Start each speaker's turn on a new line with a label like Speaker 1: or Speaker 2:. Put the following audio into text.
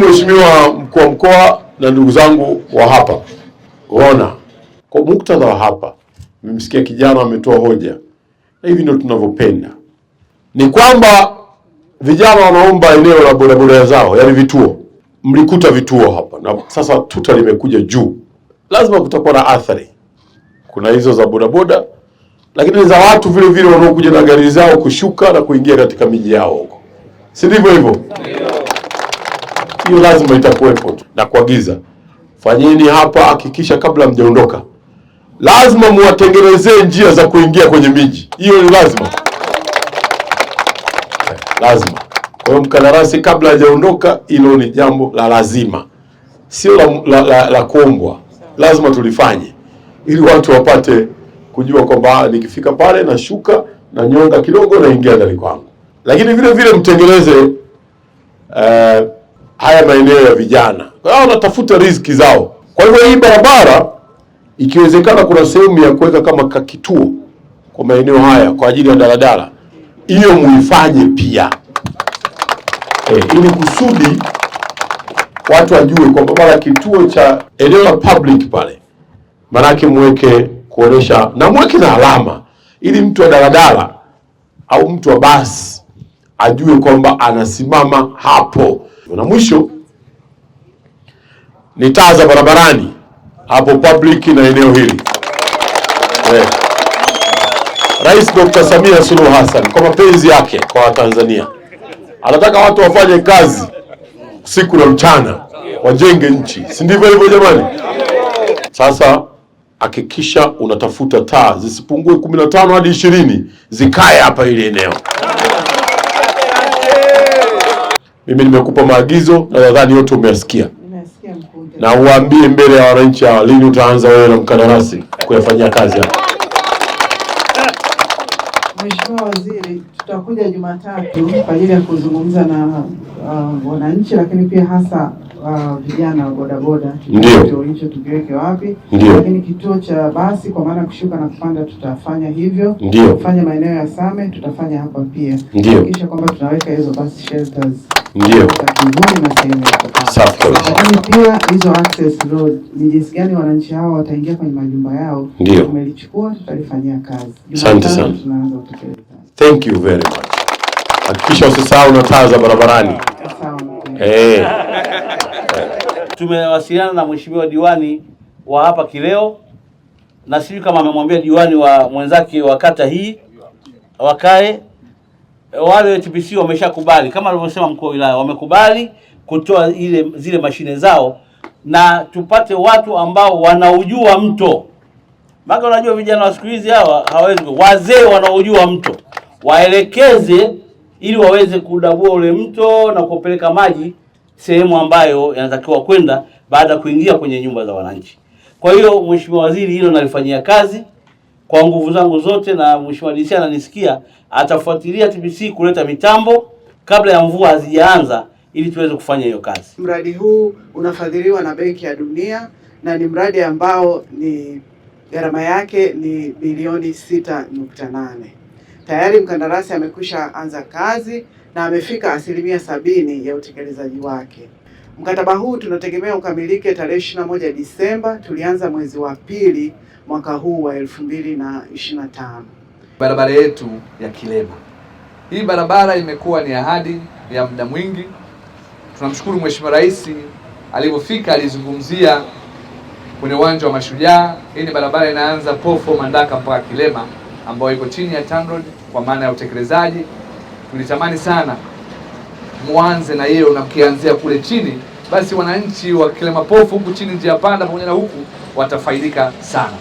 Speaker 1: Mheshimiwa mkuu wa mkoa na ndugu zangu wa hapa, ona kwa muktadha wa hapa, mmemsikia kijana ametoa hoja, na hivi ndio tunavyopenda, ni kwamba vijana wanaomba eneo la bodaboda zao, yani vituo. Mlikuta vituo hapa na sasa tuta limekuja juu, lazima kutakuwa na athari. Kuna hizo za bodaboda, lakini za watu vile vile wanaokuja na gari zao kushuka na kuingia katika miji yao huko, si ndivyo hivyo? hiyo lazima itakuwepo tu, na kuagiza fanyeni hapa, hakikisha kabla mjaondoka, lazima muwatengenezee njia za kuingia kwenye miji hiyo, ni lazima lazima. Kwa hiyo mkandarasi kabla hajaondoka, hilo ni jambo la lazima, sio la, la, la, la kuombwa, lazima tulifanye ili watu wapate kujua kwamba ah, nikifika pale nashuka na nyonga kidogo naingia ndani kwangu, lakini vile vile mtengeneze eh, haya maeneo ya vijana, kwa hiyo wanatafuta riziki zao. Kwa hivyo hii barabara ikiwezekana, kuna sehemu ya kuweka kama kakituo kwa maeneo haya kwa ajili ya daladala, hiyo muifanye pia eh, ili kusudi watu wajue kwamba mara kituo cha eneo la public pale, maanake mweke kuonesha na mweke na alama, ili mtu wa daladala au mtu wa basi ajue kwamba anasimama hapo. Na mwisho ni taa za barabarani hapo public na eneo hili yeah. Rais Dr. Samia Suluhu Hassan kwa mapenzi yake kwa Watanzania anataka watu wafanye kazi siku na mchana, wajenge nchi, si ndivyo hivyo jamani? Sasa hakikisha unatafuta taa zisipungue kumi na tano hadi ishirini zikae hapa ili eneo Mimi nimekupa maagizo na nadhani yote umeyasikia, na uambie mbele ya wananchi hawa lini utaanza wewe na mkandarasi kuyafanyia kazi hapa.
Speaker 2: Mheshimiwa Waziri, tutakuja Jumatatu kwa ajili ya kuzungumza na uh, wananchi lakini pia hasa uh, vijana wa bodaboda, ndio hicho tukiweke wapi, lakini kituo cha basi kwa maana kushuka na kupanda tutafanya hivyo, ndiyo. kufanya maeneo ya Same tutafanya hapa pia, kisha kwamba tunaweka hizo basi shelters ndio lakini pia hizo access road ni jinsi gani wananchi hao wataingia kwenye majumba yao? Ndio tumelichukua, tutalifanyia kazi.
Speaker 1: Asante sana, tunaanza kutekeleza. Thank you very much. Hakikisha usisahau na taa za barabarani. Eh,
Speaker 3: tumewasiliana na mheshimiwa diwani wa hapa Kileo, na sijui kama amemwambia diwani wa mwenzake wa kata hii wakae Eh, wale TPC wameshakubali kama alivyosema mkuu wa wilaya, wamekubali kutoa ile zile mashine zao, na tupate watu ambao wanaujua mto. Maana unajua vijana wa siku hizi hawa hawawezi, wazee wanaojua mto waelekeze, ili waweze kudagua ule mto na kupeleka maji sehemu ambayo yanatakiwa kwenda, baada ya kuingia kwenye nyumba za wananchi. Kwa hiyo, Mheshimiwa Waziri, hilo nalifanyia kazi kwa nguvu zangu zote, na mheshimiwa DC ananisikia, atafuatilia TBC kuleta mitambo kabla ya mvua hazijaanza ili tuweze kufanya hiyo kazi.
Speaker 4: Mradi huu unafadhiliwa na Benki ya Dunia na ni mradi ambao ni gharama yake ni bilioni 6.8. Tayari mkandarasi amekwisha anza kazi na amefika asilimia sabini ya utekelezaji wake. Mkataba huu tunategemea ukamilike tarehe moja Disemba, tulianza mwezi wa pili mwaka huu wa 2025.
Speaker 5: Barabara yetu ya Kilema. Hii barabara imekuwa ni ahadi ya muda mwingi. Tunamshukuru Mheshimiwa Rais alivyofika, alizungumzia kwenye uwanja wa Mashujaa. Hii ni barabara inaanza Pofo Mandaka mpaka Kilema ambayo iko chini ya TANROADS kwa maana ya utekelezaji. Tulitamani sana muanze na yeye na mkianzia kule chini, basi wananchi wa Kilemapofu huku chini njia panda pamoja na huku watafaidika sana.